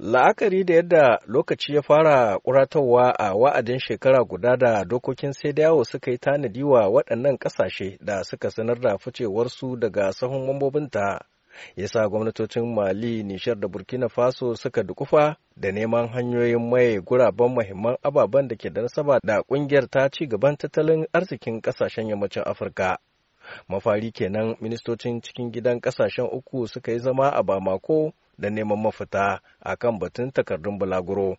La'akari da yadda lokaci ya fara ƙuratowa a wa'adin shekara guda da dokokin sai da yawo suka yi tanadi wa waɗannan ƙasashe da suka sanar da ficewarsu daga sahun mambobinta ya sa gwamnatocin Mali, Nishar da Burkina Faso suka dukufa da neman hanyoyin maye guraben mahimman ababen da ke da nasaba da ƙungiyar ta ci gaban tattalin arzikin ƙasashen yammacin Afirka. mafari kenan ministocin cikin gidan ƙasashen uku suka yi zama a bamako da neman mafita a kan batun takardun bulaguro.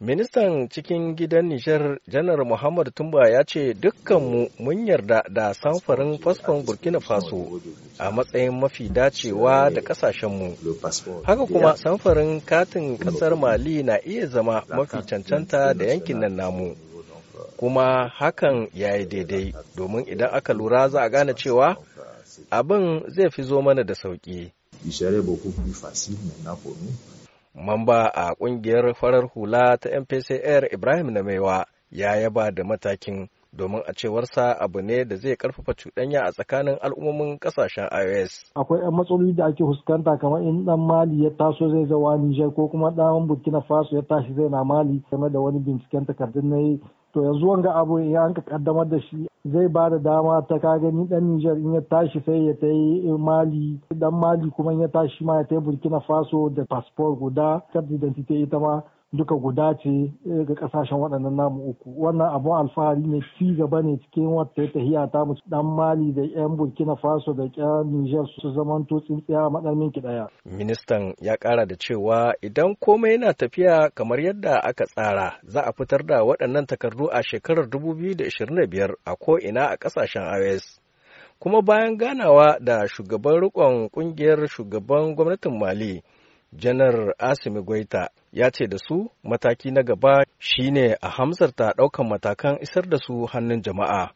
Ministan cikin gidan Nijar Janar Muhammad Tumba ya ce dukkanmu mun yarda da samfarin fasfon Burkina Faso a matsayin mafi dacewa da kasashenmu. Haka kuma samfarin katin kasar Mali na iya zama mafi cancanta da yankin nan namu. kuma hakan ya yi daidai domin idan aka lura za a gane cewa abin zai fi zo mana da sauƙi. Mamba a ƙungiyar farar hula ta MPCR Ibrahim maiwa ya yaba da matakin domin a cewarsa abu ne da zai karfafa cuɗanya a tsakanin al'ummomin ƙasashen iOS. Akwai 'yan matsaloli da ake fuskanta kamar in ɗan Mali ya taso zai zawa Nijar ko kuma ɗan Burkina Faso ya tashi zai na Mali game da wani binciken takardun na yi. to yanzu wanga abu ya an kaddamar da shi zai ba da dama ta ka gani dan Nijar in ya tashi sai ya tai Mali dan Mali kuma in ya tashi ma ya tai Burkina Faso da passport guda card identity ita ma duka guda ce eh, ga kasashen waɗannan namu uku wannan abun alfahari ne ci gaba ne cikin wata ta tahiya ta mu dan mali da yan burkina faso da yan niger su zamanto tsintsiya madarmin ki daya ministan ya kara da cewa idan komai yana tafiya kamar yadda aka tsara za a fitar da waɗannan takardu a shekarar 2025 a ko ina a kasashen ios kuma bayan ganawa da shugaban rikon kungiyar shugaban gwamnatin mali janar asimi gwaita ya ce da su mataki na gaba shine a hamsarta ɗaukan matakan isar da su hannun jama'a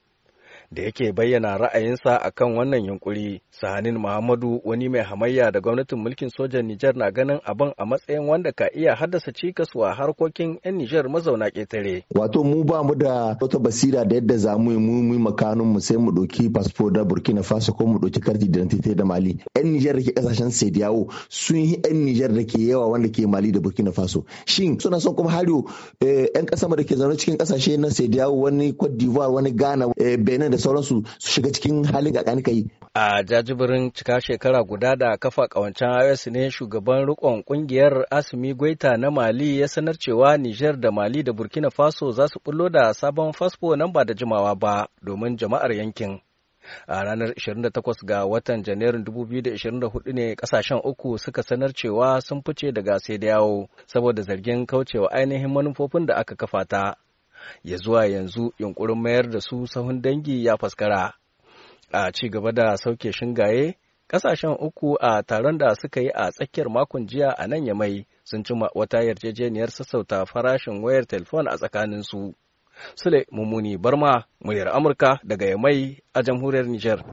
da yake bayyana ra'ayinsa a kan wannan yunkuri sahanin muhammadu wani mai hamayya da gwamnatin mulkin sojan nijar na ganin abin a matsayin wanda ka iya haddasa cikas wa harkokin 'yan nijar mazauna ƙetare wato mu ba mu da wata basira da yadda za mu yi mu makanun mu sai mu ɗauki fasfo da burkina faso ko mu ɗauki karti identity da mali 'yan nijar da ke ƙasashen sediyawo sun yi 'yan nijar da ke yawa wanda ke mali da burkina faso shin suna son kuma hariyo eh, 'yan ƙasa da ke zaune cikin ƙasashe na sediyawo wani cote wani ghana eh, benin da sauransu su shiga cikin halin kakani kai a jajibirin cika shekara guda da kafa kawancan IOS ne shugaban rikon kungiyar Asimi gwaita na Mali ya sanar cewa Niger da Mali da Burkina Faso za su bullo da sabon fasfo nan ba da jimawa ba domin jama'ar yankin a ranar 28 ga watan janairun 2024 ne kasashen uku suka sanar cewa sun fice daga sai yawo saboda zargin kaucewa ainihin manufofin da aka kafa ta ya zuwa yanzu yunkurin mayar da su sahun dangi ya faskara a ci gaba da sauke shingaye kasashen uku a taron da suka yi a tsakiyar makon jiya a nan ya mai sun cima wata yarjejeniyar sassauta farashin wayar telefon a tsakaninsu. Sule Mummuni Barma, muryar Amurka daga ya Yamai a jamhuriyar Nijar.